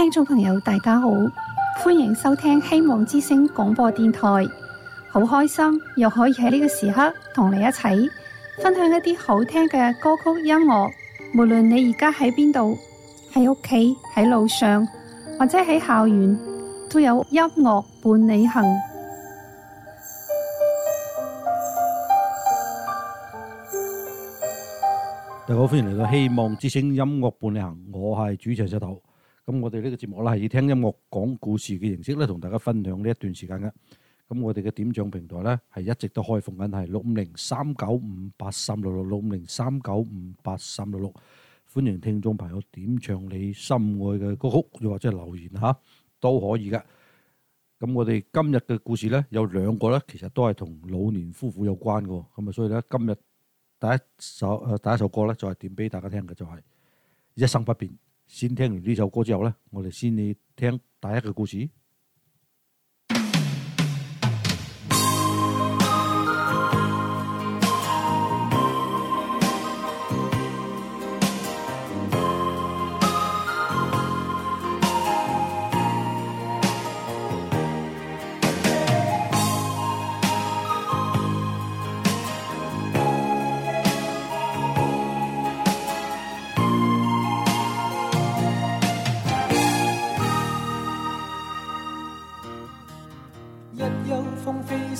聽眾朋友，大家好，歡迎收聽希望之聲廣播電台。好開心又可以喺呢個時刻同你一齊分享一啲好聽嘅歌曲音樂。無論你而家喺邊度，喺屋企，喺路上，或者喺校園，都有音樂伴你行。大家好，歡迎嚟到希望之聲音樂伴你行，我係主持人石頭。咁我哋呢個節目呢，係以聽音樂講故事嘅形式咧，同大家分享呢一段時間嘅。咁我哋嘅點唱平台呢，係一直都開放緊，係六五零三九五八三六六六五零三九五八三六六。歡迎聽眾朋友點唱你心愛嘅歌曲，又或者留言吓都可以㗎。咁我哋今日嘅故事呢，有兩個呢，其實都係同老年夫婦有關㗎。咁啊，所以呢，今日第一首，第一首歌呢，就係點俾大家聽嘅，就係一生不變。先聽完呢首歌之後咧，我哋先嚟聽第一個故事。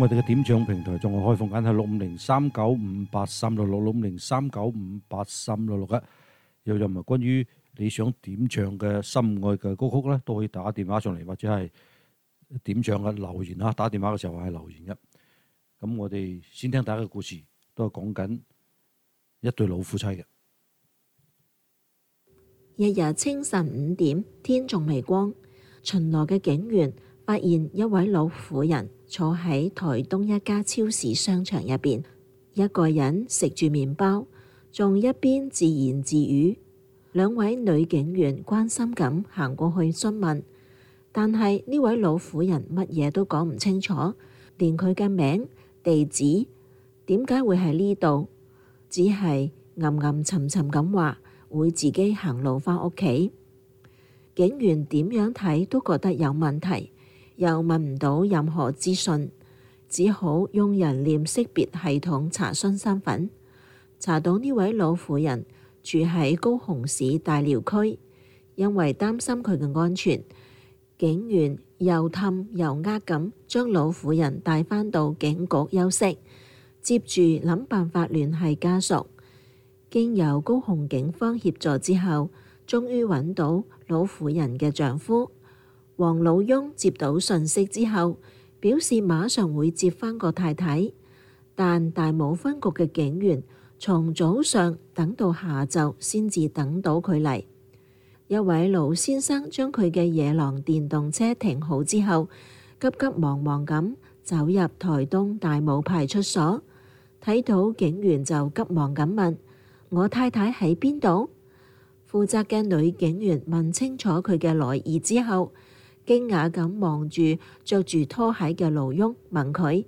我哋嘅點唱平台仲係開放緊，係六五零三九五八三六六六五零三九五八三六六一。有任何關於你想點唱嘅心愛嘅歌曲咧，都可以打電話上嚟或者係點唱嘅留言啊！打電話嘅時候係留言嘅。咁我哋先聽第一個故事，都係講緊一對老夫妻嘅。日日清晨五點，天仲未光，巡邏嘅警員。發現一位老婦人坐喺台東一家超市商場入邊，一個人食住麵包，仲一邊自言自語。兩位女警員關心咁行過去詢問，但係呢位老婦人乜嘢都講唔清楚，連佢嘅名、地址、點解會喺呢度，只係吟吟沉沉咁話會自己行路返屋企。警員點樣睇都覺得有問題。又問唔到任何資訊，只好用人臉識別系統查詢身份，查到呢位老婦人住喺高雄市大寮區，因為擔心佢嘅安全，警員又氹又呃咁，將老婦人帶返到警局休息，接住諗辦法聯繫家屬，經由高雄警方協助之後，終於揾到老婦人嘅丈夫。王老翁接到信息之後，表示馬上會接返個太太，但大武分局嘅警員從早上等到下晝，先至等到佢嚟。一位老先生將佢嘅野狼電動車停好之後，急急忙忙咁走入台東大武派出所，睇到警員就急忙咁問：我太太喺邊度？負責嘅女警員問清楚佢嘅來意之後，驚訝咁望住着住拖鞋嘅盧翁，問佢：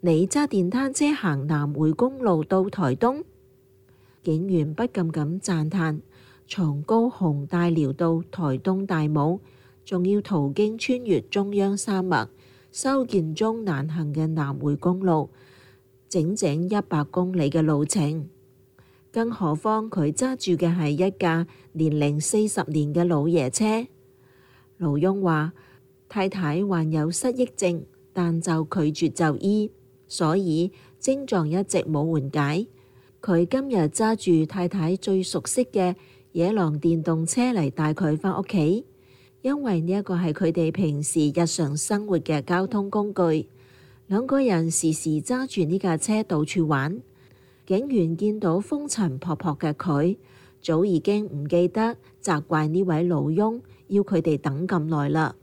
你揸電單車行南迴公路到台東？警員不禁咁讚歎：從高雄大寮到台東大武，仲要途經穿越中央山脈、修建中難行嘅南迴公路，整整一百公里嘅路程。更何況佢揸住嘅係一架年齡四十年嘅老爺車。老翁話：太太患有失憶症，但就拒絕就醫，所以症狀一直冇緩解。佢今日揸住太太最熟悉嘅野狼電動車嚟帶佢返屋企，因為呢一個係佢哋平時日常生活嘅交通工具。兩個人時時揸住呢架車到處玩。警員見到風塵僕僕嘅佢，早已經唔記得責怪呢位老翁。要佢哋等咁耐啦，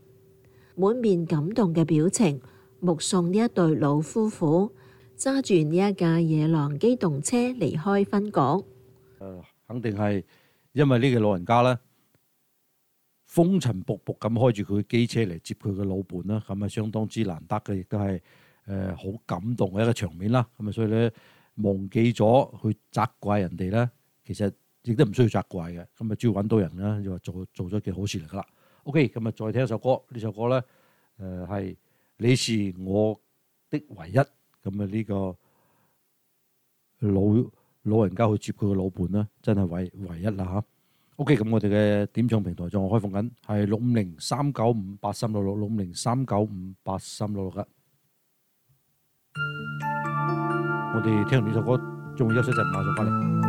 滿面感動嘅表情，目送呢一對老夫婦揸住呢一架野狼機動車離開分局。誒，肯定係因為呢個老人家咧，風塵僕僕咁開住佢嘅機車嚟接佢嘅老伴啦，咁啊相當之難得嘅，亦都係誒好感動嘅一個場面啦。咁啊，所以咧忘記咗去責怪人哋咧，其實。亦都唔需要責怪嘅，咁咪主要揾到人啦，又話做做咗件好事嚟噶啦。OK，咁咪再聽一首歌，呢首歌咧，誒係你是我的唯一，咁啊呢個老老人家去接佢嘅老伴啦，真係唯唯一啦嚇。OK，咁我哋嘅點唱平台仲開放緊，係六五零三九五八三六六六五零三九五八三六六嘅。我哋聽完呢首歌，仲休息一陣，馬上翻嚟。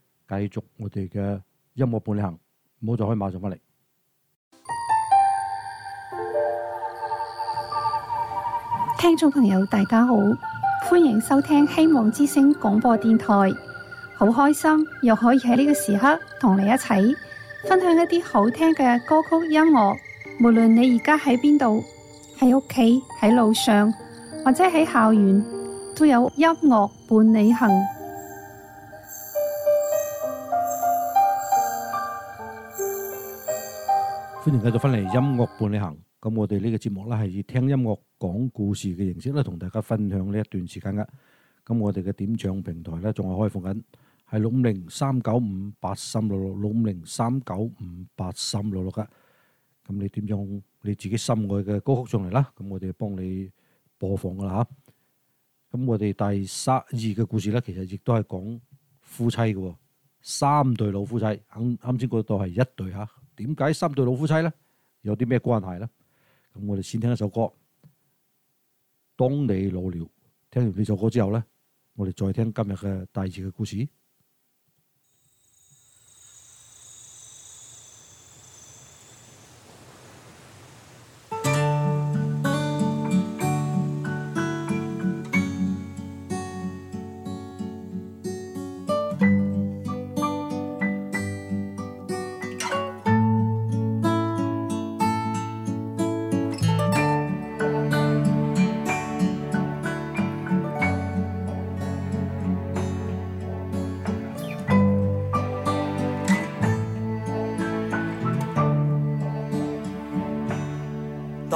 繼續我哋嘅音樂伴你行，唔好再以馬上翻嚟。聽眾朋友，大家好，歡迎收聽希望之聲廣播電台。好開心又可以喺呢個時刻同你一齊分享一啲好聽嘅歌曲音樂。無論你而家喺邊度，喺屋企，喺路上，或者喺校園，都有音樂伴你行。繼續翻嚟音樂伴你行，咁我哋呢個節目咧係以聽音樂講故事嘅形式咧，同大家分享呢一段時間嘅。咁我哋嘅點唱平台咧仲係開放緊，係六五零三九五八三六六，六五零三九五八三六六嘅。咁你點用你自己心愛嘅歌曲上嚟啦，咁我哋幫你播放噶啦吓。咁我哋第三二嘅故事咧，其實亦都係講夫妻嘅，三對老夫妻，啱啱先嗰度係一對吓。點解三對老夫妻呢？有啲咩關係呢？咁我哋先聽一首歌。當你老了，聽完呢首歌之後呢，我哋再聽今日嘅第二次嘅故事。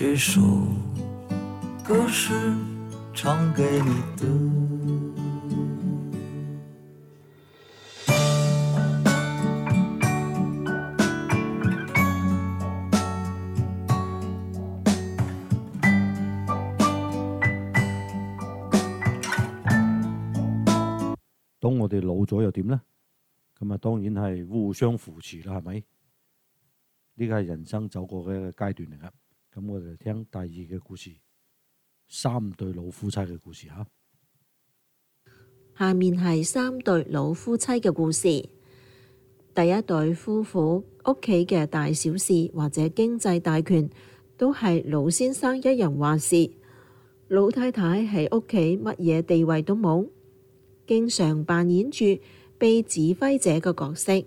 這首歌是唱給你的。當我哋老咗又點呢？咁啊，當然係互相扶持啦，係咪？呢個係人生走過嘅一個階段嚟嘅。咁我哋嚟聽第二嘅故事，三對老夫妻嘅故事吓。下面係三對老夫妻嘅故事。第一對夫婦屋企嘅大小事或者經濟大權都係老先生一人話事，老太太喺屋企乜嘢地位都冇，經常扮演住被指揮者嘅角色。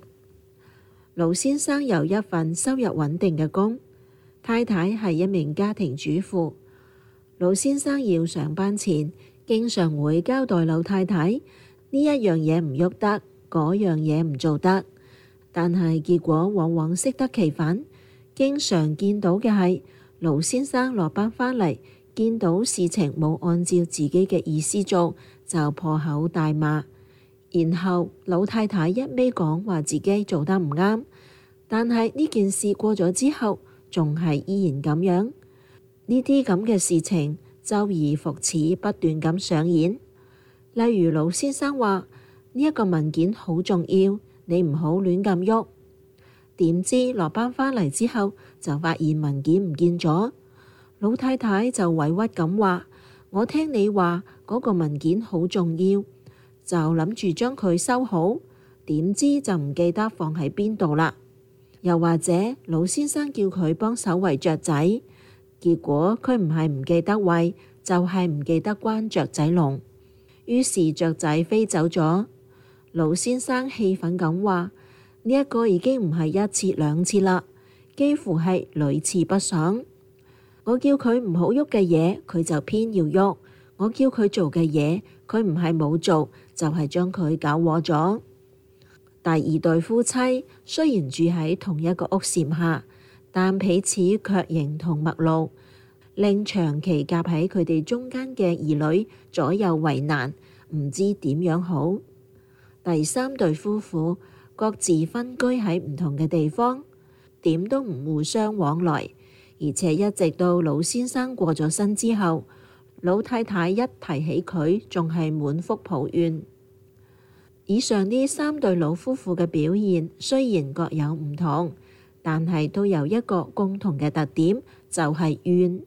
老先生有一份收入穩定嘅工。太太係一名家庭主婦，老先生要上班前，經常會交代老太太呢一樣嘢唔喐得，嗰樣嘢唔做得。但係結果往往適得其反，經常見到嘅係老先生落班返嚟，見到事情冇按照自己嘅意思做，就破口大罵。然後老太太一味講話自己做得唔啱，但係呢件事過咗之後。仲係依然咁樣，呢啲咁嘅事情周而復始不斷咁上演。例如老先生話呢一個文件好重要，你唔好亂咁喐。點知落班返嚟之後就發現文件唔見咗，老太太就委屈咁話：我聽你話嗰個文件好重要，就諗住將佢收好，點知就唔記得放喺邊度啦。又或者老先生叫佢幫手餵雀仔，結果佢唔係唔記得餵，就係、是、唔記得關雀仔籠，於是雀仔飛走咗。老先生氣憤咁話：呢、這、一個已經唔係一次兩次啦，幾乎係屢次不爽。我叫佢唔好喐嘅嘢，佢就偏要喐；我叫佢做嘅嘢，佢唔係冇做，就係將佢搞禍咗。第二對夫妻雖然住喺同一個屋檐下，但彼此卻形同陌路，令長期夾喺佢哋中間嘅兒女左右為難，唔知點樣好。第三對夫婦各自分居喺唔同嘅地方，點都唔互相往來，而且一直到老先生過咗身之後，老太太一提起佢，仲係滿腹抱怨。以上呢三對老夫婦嘅表現雖然各有唔同，但係都有一個共同嘅特點，就係、是、怨。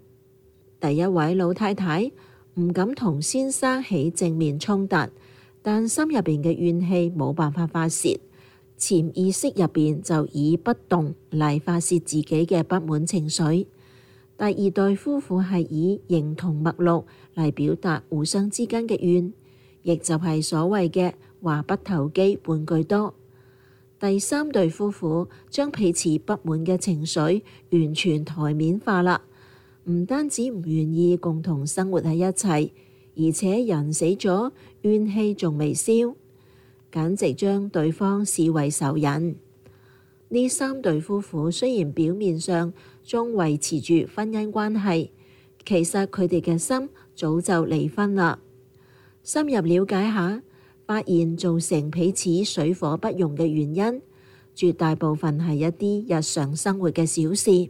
第一位老太太唔敢同先生起正面衝突，但心入邊嘅怨氣冇辦法發洩，潛意識入邊就以不動嚟發洩自己嘅不滿情緒。第二對夫婦係以形同陌路嚟表達互相之間嘅怨，亦就係所謂嘅。話不投機半句多。第三對夫婦將彼此不滿嘅情緒完全台面化啦，唔單止唔願意共同生活喺一齊，而且人死咗怨氣仲未消，簡直將對方視為仇人。呢三對夫婦雖然表面上仲維持住婚姻關係，其實佢哋嘅心早就離婚啦。深入了解下。發現造成彼此水火不容嘅原因，絕大部分係一啲日常生活嘅小事，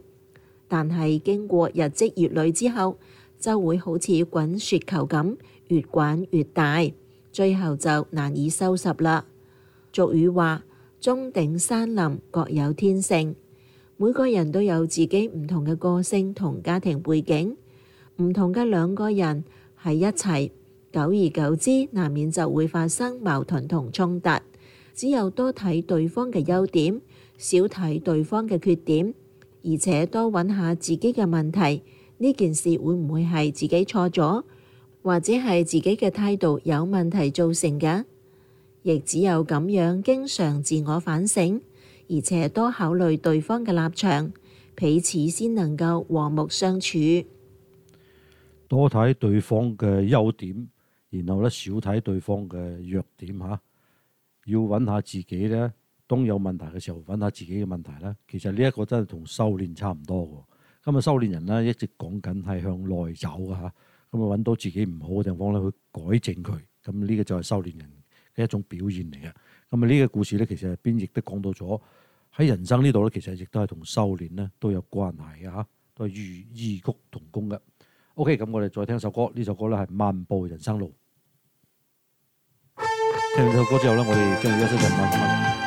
但係經過日積月累之後，就會好似滾雪球咁，越滾越大，最後就難以收拾啦。俗語話：「中頂山林，各有天性」，每個人都有自己唔同嘅個性同家庭背景，唔同嘅兩個人喺一齊。久而久之，難免就會發生矛盾同衝突。只有多睇對方嘅優點，少睇對方嘅缺點，而且多揾下自己嘅問題，呢件事會唔會係自己錯咗，或者係自己嘅態度有問題造成嘅？亦只有咁樣經常自我反省，而且多考慮對方嘅立場，彼此先能夠和睦相處。多睇對方嘅優點。然後咧，少睇對方嘅弱點嚇，要揾下自己咧。當有問題嘅時候，揾下自己嘅問題啦。其實呢一個真係同修煉差唔多嘅。咁啊，修煉人咧一直講緊係向內走嘅嚇。咁啊，揾到自己唔好嘅地方咧，去改正佢。咁呢個就係修煉人嘅一種表現嚟嘅。咁啊呢個故事咧，其實入邊亦都講到咗，喺人生呢度咧，其實亦都係同修煉咧都有關係嘅嚇，都係異異曲同工嘅。O.K.，咁我哋再聽首歌，呢首歌咧係《漫步人生路》。聽完呢首歌之後咧，我哋將要休息一陣。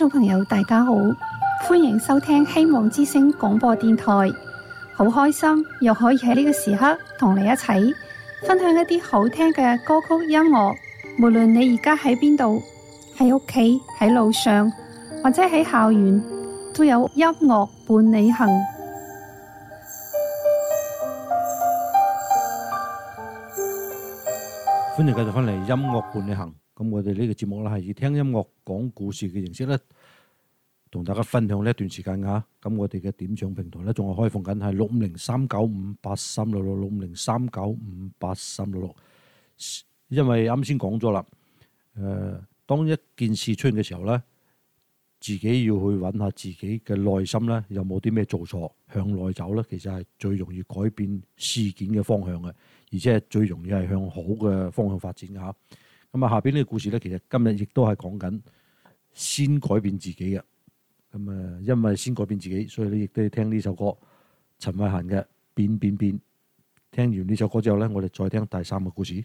觀眾朋友，大家好，歡迎收聽希望之聲廣播電台。好開心又可以喺呢個時刻同你一齊分享一啲好聽嘅歌曲音樂。無論你而家喺邊度，喺屋企、喺路上或者喺校園，都有音樂伴你行。歡迎繼續翻嚟《音樂伴你行》。咁我哋呢個節目呢，係以聽音樂講故事嘅形式呢，同大家分享呢一段時間吓。咁、啊、我哋嘅點唱平台呢，仲係開放緊係六五零三九五八三六六，六五零三九五八三六六。因為啱先講咗啦，誒、呃，當一件事出現嘅時候呢，自己要去揾下自己嘅內心呢，有冇啲咩做錯，向內走呢，其實係最容易改變事件嘅方向嘅，而且係最容易係向好嘅方向發展吓。啊咁啊，下邊呢個故事咧，其實今日亦都係講緊先改變自己嘅。咁啊，因為先改變自己，所以咧亦都要聽呢首歌，陳慧嫻嘅《變變變》。聽完呢首歌之後咧，我哋再聽第三個故事。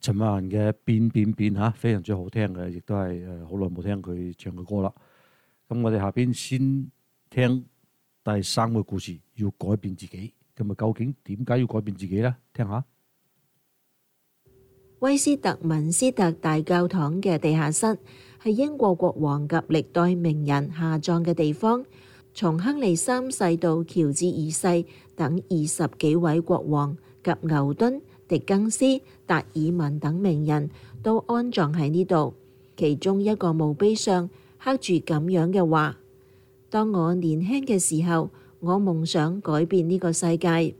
陳曼嘅變變變哈，非常之好聽嘅，亦都係誒好耐冇聽佢唱嘅歌啦。咁我哋下面先聽。第三個故事要改變自己，同埋究竟點解要改變自己呢？聽下，威斯特敏斯特大教堂嘅地下室係英國國王及歷代名人下葬嘅地方。從亨利三世到喬治二世等二十幾位國王及牛頓、狄更斯、達爾文等名人都安葬喺呢度。其中一個墓碑上刻住咁樣嘅話。當我年輕嘅時候，我夢想改變呢個世界。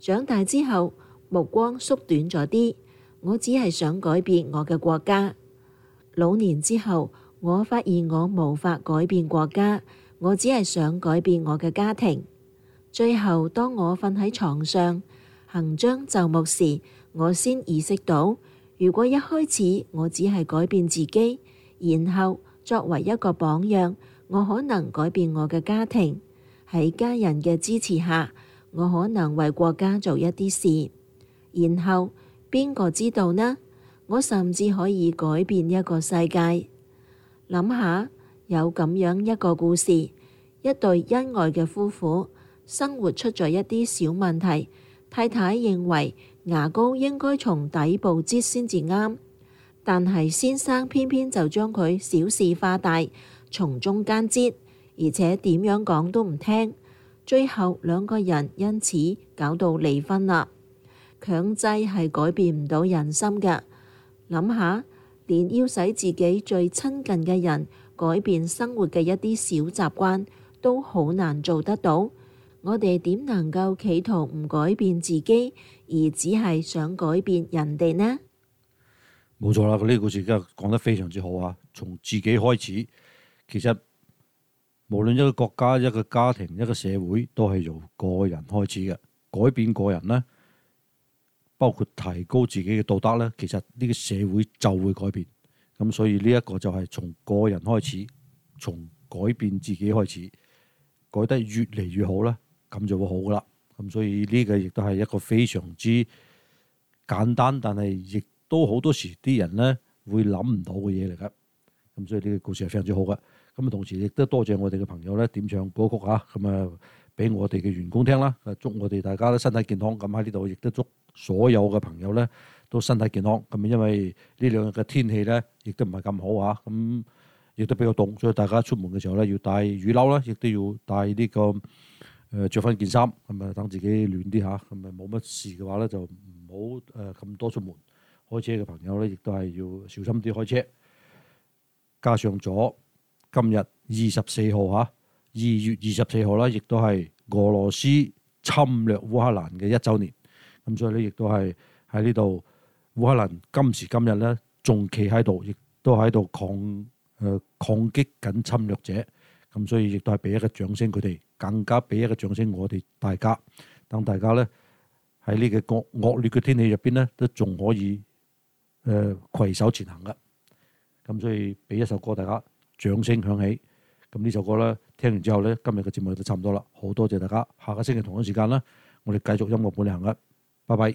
長大之後，目光縮短咗啲，我只係想改變我嘅國家。老年之後，我發現我無法改變國家，我只係想改變我嘅家庭。最後，當我瞓喺床上，行將就木時，我先意識到，如果一開始我只係改變自己，然後作為一個榜樣。我可能改變我嘅家庭，喺家人嘅支持下，我可能為國家做一啲事，然後邊個知道呢？我甚至可以改變一個世界。諗下有咁樣一個故事：一對恩愛嘅夫婦，生活出咗一啲小問題，太太認為牙膏應該從底部擠先至啱，但係先生偏偏就將佢小事化大。從中間折，而且點樣講都唔聽，最後兩個人因此搞到離婚啦。強制係改變唔到人心嘅，諗下連要使自己最親近嘅人改變生活嘅一啲小習慣都好難做得到，我哋點能夠企圖唔改變自己，而只係想改變人哋呢？冇錯啦，呢啲故事真係講得非常之好啊！從自己開始。其實無論一個國家、一個家庭、一個社會，都係由個人開始嘅。改變個人呢，包括提高自己嘅道德呢，其實呢個社會就會改變。咁所以呢一個就係從個人開始，從改變自己開始，改得越嚟越好啦。咁就會好噶啦。咁所以呢個亦都係一個非常之簡單，但係亦都好多時啲人呢會諗唔到嘅嘢嚟嘅。咁所以呢個故事係非常之好嘅。咁啊，同時亦都多謝我哋嘅朋友咧，點唱歌曲嚇，咁啊，俾我哋嘅員工聽啦。祝我哋大家都身體健康。咁喺呢度亦都祝所有嘅朋友咧都身體健康。咁因為呢兩日嘅天氣咧，亦都唔係咁好啊。咁亦都比較凍，所以大家出門嘅時候咧，要帶雨褸啦，亦都要帶呢個誒著翻件衫，咁啊等自己暖啲嚇，咁啊冇乜事嘅話咧，就唔好誒咁多出門。開車嘅朋友咧，亦都係要小心啲開車。加上咗今日二十四號吓，二月二十四號啦，亦都係俄羅斯侵略烏克蘭嘅一周年。咁所以呢，亦都係喺呢度烏克蘭今時今日呢，仲企喺度，亦都喺度抗誒、呃、抗擊緊侵略者。咁所以亦都係俾一個掌聲佢哋，更加俾一個掌聲我哋大家。等大家呢，喺呢個惡劣嘅天氣入邊呢，都仲可以誒攜、呃、手前行噶。咁所以俾一首歌，大家掌聲響起。咁呢首歌呢，聽完之後呢，今日嘅節目就差唔多啦。好多謝大家，下個星期同一時間呢，我哋繼續音樂伴你行啊！拜拜。